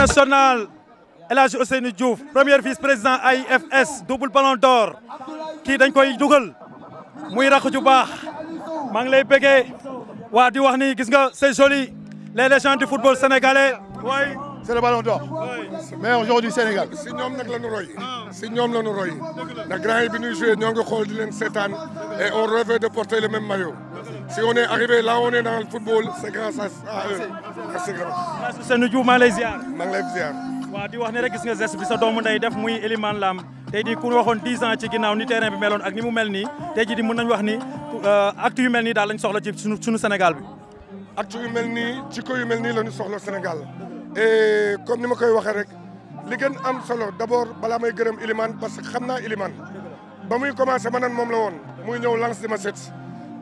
national El Hadj Ousseynou Diouf premier vice-président AIFS double ballon d'or kii dañ koy dugal muy rax ju baax maa ngi lay bëggee waa di wax ni gis nga c'est joli les légendes du football sénégalais oui. c'est le ballon d'or mais aujourd'hui Sénégal. si ñoom nag la ñu roy si ñoom la ñu roy ndax grand yi bi ñuy joué ñoo ngi xool di leen seetaan et on rêvait de porter le même maillot. si on est la là on est dans le football c'est grâce à di wax ne rek gis nga geste bi sa doomu ndey def muy Elimane Lam tey jii ku waxoon 10 ans ci ni terrain bi meloon ak ni mu mel nii tey jii di mën nañu wax ni euh, acte yu mel nii daal lañ soxla ci suñu suñu Sénégal bi. acte yu mel nii jikko yu mel ni la ñu soxla senegal et comme ni ma koy waxee rek li gën am solo d'abord balaa may gërëm Elimane parce que xam naa Elimane ba muy commencé ma naan moom la woon muy ñëw lance di ma set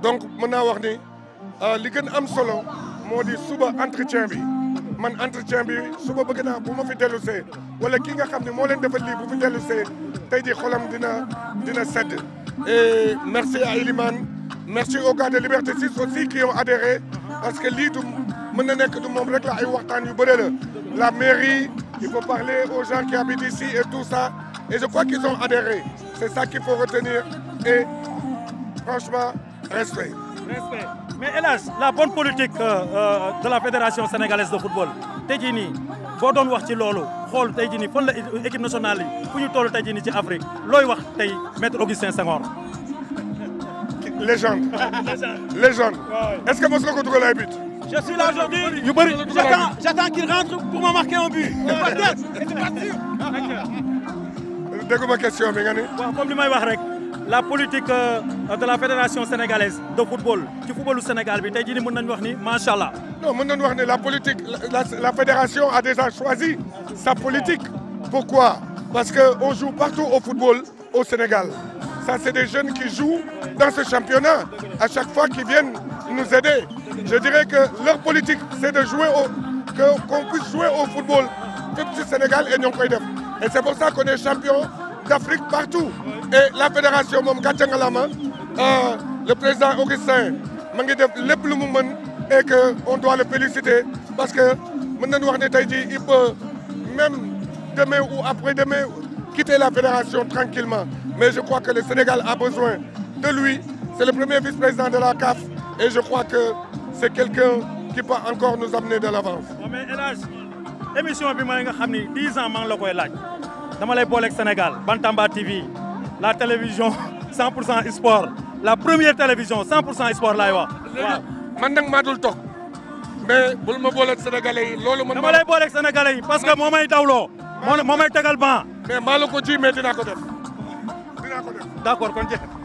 donc mën naa wax ni euh, li gën am solo moo di suba entretien bi man entretien bi suba bëgg naa bu ma fi dellu see wala ki nga xam ne moo leen defal lii bu fi dellu see tey ji xolam dina dina sedd et merci à Elimane merci aux gars de Liberté 6 aussi qui ont adhéré parce que lii du mën na nekk du moom rek la ay waxtaan yu bëre la la mairie il faut parler aux gens qui habitent ici et tout ça et je crois qu'ils ont adhéré c'est ça qu'il faut retenir et franchement Respect. Mais hélas, la bonne politique euh, euh, de la Fédération sénégalaise de football tey jii nii boo doon wax ci loolu xool te jii nii fan la équipe nationale fu ñu toll te jii nii ci Afrique looy wax tey maître Augustin Senghor. légende. légende est-ce que mos nga ko dugal ay bëri j'attends j'attends qu'il rentre pour me marquer un but. déggu question bi nga ni. waaw comme wax rek la politique. Euh, de la fédération sénégalaise de football ci footballu Sénégal bi tey jii nii mën nañu wax ni macha allah. non mën nañu wax ne la politique la, la la fédération a déjà choisi sa politique. pourquoi parce que on joue partout au football au Sénégal ça c'est des jeunes qui jouent dans ce championnat à chaque fois qu'ils viennent nous aider je dirais que leur politique c'est de jouer au football fépp Sénégal et ñoo koy def et c'est pour ça qu'on est champion d'Afrique partout la fédération moom gàcce nga Euh, le président Augustin ma ngi def lépp lu mu mën et que on doit le féliciter parce que mën nañu wax ne tey jii il peut même demain ou après-demain quitter la fédération tranquillement mais je crois que le Sénégal a besoin de lui c'est le premier vice-président de la CAF et je crois que c'est quelqu'un qui peut encore nous amener de l'avance. émission bi mooy nga xam ni 10 ans maa ngi la koy laaj dama lay booleeg Sénégal Bantamba TV la télévision 100 pour cent sport. la première télévision 100 pour cent sport laay wax. man nag maa dul toog. mais bul ma booleeg sénégalais yi loolu man. dama lay booleeg sénégalais yi parce que moo may dawloo. moo may tegal ban. mais maa la ko ji mais dinaa ko def. dinaa ko kon jërëjëf